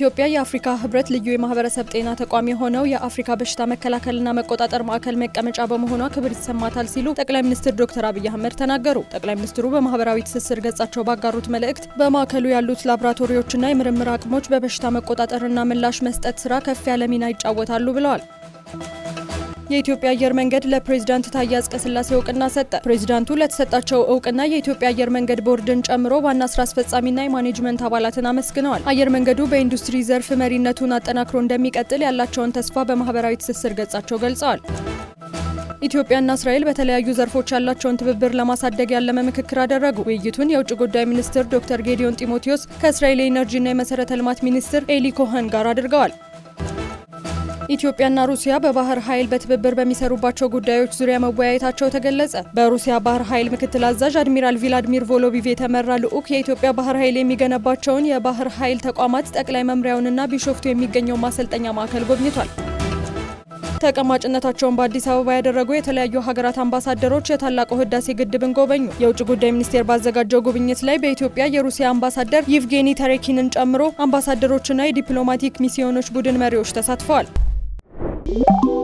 በኢትዮጵያ የአፍሪካ ህብረት ልዩ የማህበረሰብ ጤና ተቋም የሆነው የአፍሪካ በሽታ መከላከልና መቆጣጠር ማዕከል መቀመጫ በመሆኗ ክብር ይሰማታል ሲሉ ጠቅላይ ሚኒስትር ዶክተር አብይ አህመድ ተናገሩ። ጠቅላይ ሚኒስትሩ በማህበራዊ ትስስር ገጻቸው ባጋሩት መልእክት በማዕከሉ ያሉት ላብራቶሪዎችና የምርምር አቅሞች በበሽታ መቆጣጠርና ምላሽ መስጠት ስራ ከፍ ያለ ሚና ይጫወታሉ ብለዋል። የኢትዮጵያ አየር መንገድ ለፕሬዝዳንት ታዬ አጽቀሥላሴ እውቅና ሰጠ። ፕሬዝዳንቱ ለተሰጣቸው እውቅና የኢትዮጵያ አየር መንገድ ቦርድን ጨምሮ ዋና ስራ አስፈጻሚና የማኔጅመንት አባላትን አመስግነዋል። አየር መንገዱ በኢንዱስትሪ ዘርፍ መሪነቱን አጠናክሮ እንደሚቀጥል ያላቸውን ተስፋ በማህበራዊ ትስስር ገጻቸው ገልጸዋል። ኢትዮጵያና እስራኤል በተለያዩ ዘርፎች ያላቸውን ትብብር ለማሳደግ ያለመ ምክክር አደረጉ። ውይይቱን የውጭ ጉዳይ ሚኒስትር ዶክተር ጌዲዮን ጢሞቴዎስ ከእስራኤል የኢነርጂና የመሰረተ ልማት ሚኒስትር ኤሊ ኮኸን ጋር አድርገዋል። ኢትዮጵያና ሩሲያ በባህር ኃይል በትብብር በሚሰሩባቸው ጉዳዮች ዙሪያ መወያየታቸው ተገለጸ። በሩሲያ ባህር ኃይል ምክትል አዛዥ አድሚራል ቪላድሚር ቮሎቪቭ የተመራ ልዑክ የኢትዮጵያ ባህር ኃይል የሚገነባቸውን የባህር ኃይል ተቋማት ጠቅላይ መምሪያውንና ቢሾፍቱ የሚገኘው ማሰልጠኛ ማዕከል ጎብኝቷል። ተቀማጭነታቸውን በአዲስ አበባ ያደረጉ የተለያዩ ሀገራት አምባሳደሮች የታላቁ ህዳሴ ግድብን ጎበኙ። የውጭ ጉዳይ ሚኒስቴር ባዘጋጀው ጉብኝት ላይ በኢትዮጵያ የሩሲያ አምባሳደር ይቭጌኒ ተሬኪንን ጨምሮ አምባሳደሮችና የዲፕሎማቲክ ሚስዮኖች ቡድን መሪዎች ተሳትፈዋል። Música